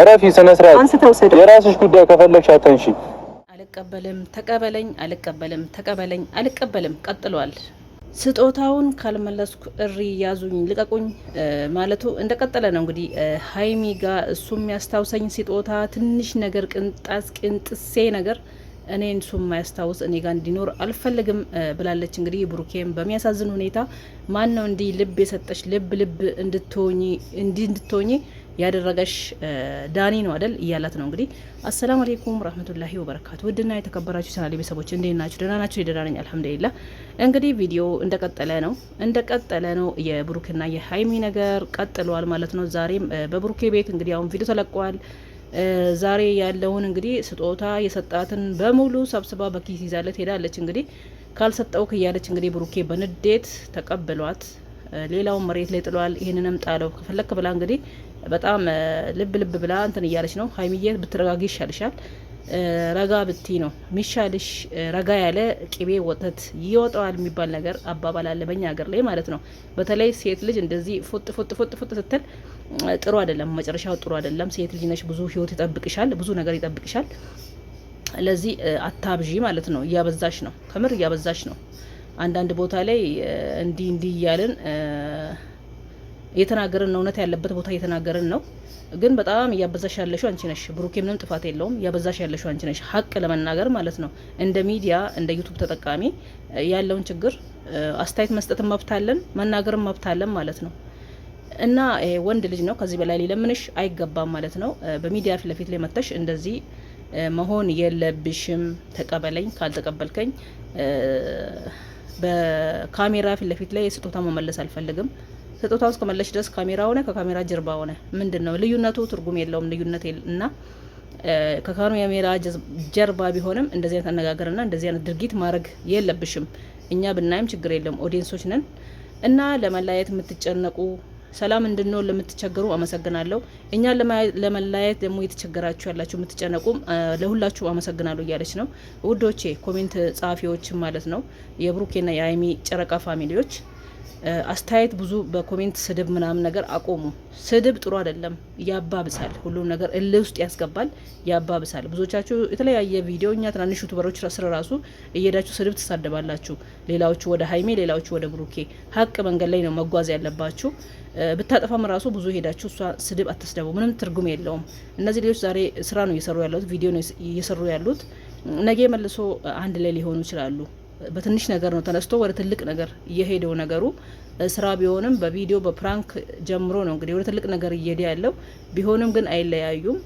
እረፊ፣ ስነ ስርዓት። የራስሽ ጉዳይ ከፈለግሽ አተንሺ። አልቀበልም፣ ተቀበለኝ፣ አልቀበልም፣ ተቀበለኝ፣ አልቀበልም። ቀጥሏል። ስጦታውን ካልመለስኩ እሪ ያዙኝ ልቀቁኝ ማለቱ እንደቀጠለ ነው። እንግዲህ ሀይሚ ጋ እሱም ያስታውሰኝ ስጦታ ትንሽ ነገር ቅንጣስ ቅንጥሴ ነገር እኔን እሱ የማያስታውስ እኔ ጋር እንዲኖር አልፈልግም ብላለች። እንግዲህ ብሩኬም በሚያሳዝን ሁኔታ ማን ነው እንዲህ ልብ የሰጠሽ ልብ ልብ እንድትሆኝ እንዲህ እንድትሆኝ ያደረገሽ ዳኒ ነው አደል እያላት ነው እንግዲህ። አሰላሙ አሌይኩም ረህመቱላሂ ወበረካቱ። ውድና የተከበራችሁ ቻናሌ ቤተሰቦች እንዴት ናችሁ? ደህና ናችሁ? ደህና ነኝ አልሐምዱሊላ። እንግዲህ ቪዲዮ እንደቀጠለ ነው እንደቀጠለ ነው። የብሩክና የሀይሚ ነገር ቀጥለዋል ማለት ነው። ዛሬም በብሩኬ ቤት እንግዲህ አሁን ቪዲዮ ተለቋል። ዛሬ ያለውን እንግዲህ ስጦታ የሰጣትን በሙሉ ሰብስባ በኪስ ይዛለት ሄዳለች። እንግዲህ ካልሰጠው ክያለች። እንግዲህ ብሩኬ በንዴት ተቀብሏት ሌላውን መሬት ላይ ጥሏል። ይህንንም ጣለው ከፈለክ ብላ እንግዲህ በጣም ልብ ልብ ብላ እንትን እያለች ነው። ሀይሚዬ ብትረጋጊ ይሻልሻል። ረጋ ብቲ ነው ሚሻልሽ። ረጋ ያለ ቅቤ ወተት ይወጣዋል የሚባል ነገር አባባል አለ በኛ ሀገር ላይ ማለት ነው። በተለይ ሴት ልጅ እንደዚህ ፉጥ ፉጥ ፉጥ ፉጥ ስትል ጥሩ አይደለም፣ መጨረሻው ጥሩ አይደለም። ሴት ልጅ ነሽ፣ ብዙ ህይወት ይጠብቅሻል፣ ብዙ ነገር ይጠብቅሻል። ለዚህ አታብዢ ማለት ነው። እያበዛሽ ነው፣ ከምር እያበዛሽ ነው። አንዳንድ ቦታ ላይ እንዲህ እንዲህ እያልን እየተናገርን ነው። እውነት ያለበት ቦታ እየተናገርን ነው። ግን በጣም እያበዛሽ ያለሽው አንቺ ነሽ። ብሩኬ ምንም ጥፋት የለውም። እያበዛሽ ያለሽው አንቺ ነሽ። ሀቅ ለመናገር ማለት ነው። እንደ ሚዲያ እንደ ዩቱብ ተጠቃሚ ያለውን ችግር አስተያየት መስጠት መብታለን፣ መናገርም መብታለን ማለት ነው። እና ወንድ ልጅ ነው፣ ከዚህ በላይ ሊለምንሽ አይገባም ማለት ነው። በሚዲያ ፊት ለፊት ላይ መጥተሽ እንደዚህ መሆን የለብሽም። ተቀበለኝ፣ ካልተቀበልከኝ በካሜራ ፊት ለፊት ላይ ስጦታ መመለስ አልፈልግም። ስጦታ ውስጥ ከመለሽ ድረስ ካሜራ ሆነ ከካሜራ ጀርባ ሆነ ምንድን ነው ልዩነቱ? ትርጉም የለውም ልዩነት እና ከካሜራ ጀርባ ቢሆንም እንደዚህ አይነት አነጋገርና እንደዚህ አይነት ድርጊት ማድረግ የለብሽም። እኛ ብናይም ችግር የለም ኦዲየንሶች ነን እና ለመለያየት የምትጨነቁ ሰላም እንድንሆን ለምትቸገሩ አመሰግናለሁ። እኛ ለመለያየት ደግሞ የተቸገራችሁ ያላችሁ የምትጨነቁም ለሁላችሁ አመሰግናለሁ እያለች ነው። ውዶቼ ኮሜንት ጸሐፊዎችም ማለት ነው የብሩኬና የአይሚ ጨረቃ ፋሚሊዎች አስተያየት ብዙ በኮሜንት ስድብ ምናምን ነገር አቆሙ። ስድብ ጥሩ አይደለም፣ ያባብሳል። ሁሉም ነገር እልህ ውስጥ ያስገባል፣ ያባብሳል። ብዙዎቻችሁ የተለያየ ቪዲዮ እኛ ትናንሽ ዩቱበሮች ስር ራሱ እየሄዳችሁ ስድብ ትሳደባላችሁ። ሌላዎቹ ወደ ሀይሜ፣ ሌላዎቹ ወደ ብሩኬ። ሀቅ መንገድ ላይ ነው መጓዝ ያለባችሁ። ብታጠፋም ራሱ ብዙ ሄዳችሁ እሷ ስድብ አትስደቡ፣ ምንም ትርጉም የለውም። እነዚህ ልጆች ዛሬ ስራ ነው እየሰሩ ያሉት፣ ቪዲዮ ነው እየሰሩ ያሉት። ነገ መልሶ አንድ ላይ ሊሆኑ ይችላሉ። በትንሽ ነገር ነው ተነስቶ ወደ ትልቅ ነገር እየሄደው ነገሩ ስራ ቢሆንም በቪዲዮ በፕራንክ ጀምሮ ነው እንግዲህ ወደ ትልቅ ነገር እየሄደ ያለው ቢሆንም ግን አይለያዩም።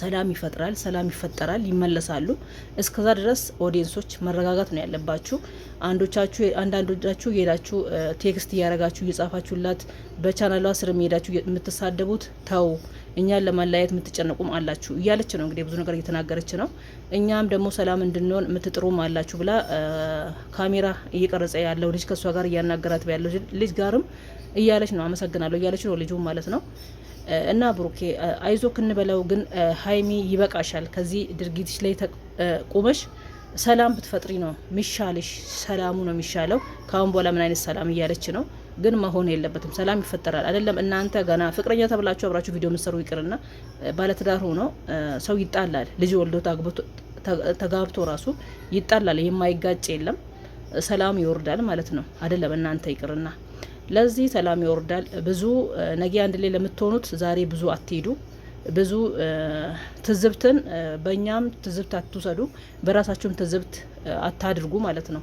ሰላም ይፈጥራል፣ ሰላም ይፈጠራል፣ ይመለሳሉ። እስከዛ ድረስ ኦዲየንሶች መረጋጋት ነው ያለባችሁ። አንዶቻችሁ አንዳንዶቻችሁ የሄዳችሁ ቴክስት እያረጋችሁ እየጻፋችሁላት በቻናሏ ስር የሄዳችሁ የምትሳደቡት ተው፣ እኛን ለማለያየት የምትጨነቁም አላችሁ እያለች ነው እንግዲህ ብዙ ነገር እየተናገረች ነው። እኛም ደግሞ ሰላም እንድንሆን የምትጥሩም አላችሁ ብላ ካሜራ እየቀረጸ ያለው ልጅ ከእሷ ጋር እያናገራት ያለው ልጅ ጋርም እያለች ነው አመሰግናለሁ እያለች ነው ልጁም ማለት ነው። እና ብሩኬ አይዞክ እንበለው፣ ግን ሀይሚ ይበቃሻል። ከዚህ ድርጊትሽ ላይ ተቆመሽ ሰላም ብትፈጥሪ ነው ሚሻልሽ። ሰላሙ ነው የሚሻለው። ከአሁን በኋላ ምን አይነት ሰላም እያለች ነው? ግን መሆን የለበትም። ሰላም ይፈጠራል አይደለም። እናንተ ገና ፍቅረኛ ተብላችሁ አብራችሁ ቪዲዮ የምትሰሩ ይቅርና ባለትዳር ሆኖ ሰው ይጣላል። ልጅ ወልዶ ተጋብቶ ራሱ ይጣላል። የማይጋጭ የለም። ሰላም ይወርዳል ማለት ነው አይደለም። እናንተ ይቅርና ለዚህ ሰላም ይወርዳል። ብዙ ነገ አንድ ላይ ለምትሆኑት ዛሬ ብዙ አትሄዱ። ብዙ ትዝብትን በእኛም ትዝብት አትውሰዱ፣ በራሳችሁም ትዝብት አታድርጉ ማለት ነው።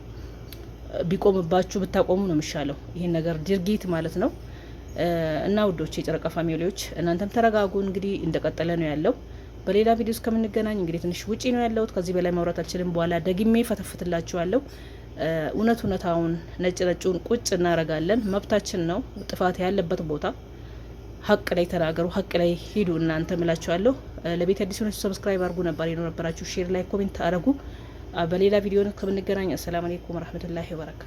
ቢቆምባችሁ ብታቆሙ ነው የሚሻለው። ይህን ነገር ድርጊት ማለት ነው። እና ውዶች የጨረቃ ፋሚሊዎች እናንተም ተረጋጉ። እንግዲህ እንደቀጠለ ነው ያለው። በሌላ ቪዲዮ እስከምንገናኝ እንግዲህ ትንሽ ውጪ ነው ያለሁት። ከዚህ በላይ ማውራት አልችልም። በኋላ ደግሜ ፈተፍትላችኋለሁ። እውነት እውነታውን ነጭ ነጭውን ቁጭ እናረጋለን። መብታችን ነው። ጥፋት ያለበት ቦታ ሀቅ ላይ ተናገሩ፣ ሀቅ ላይ ሂዱ። እናንተ ምላችኋለሁ። ለቤት አዲስ ሆናችሁ ሰብስክራይብ አድርጉ፣ ነበር የኖረበራችሁ ሼር ላይ ኮሜንት አድርጉ። በሌላ ቪዲዮ ከምንገናኝ፣ አሰላም አሌይኩም ወረህመቱላሂ ወበረካቱ።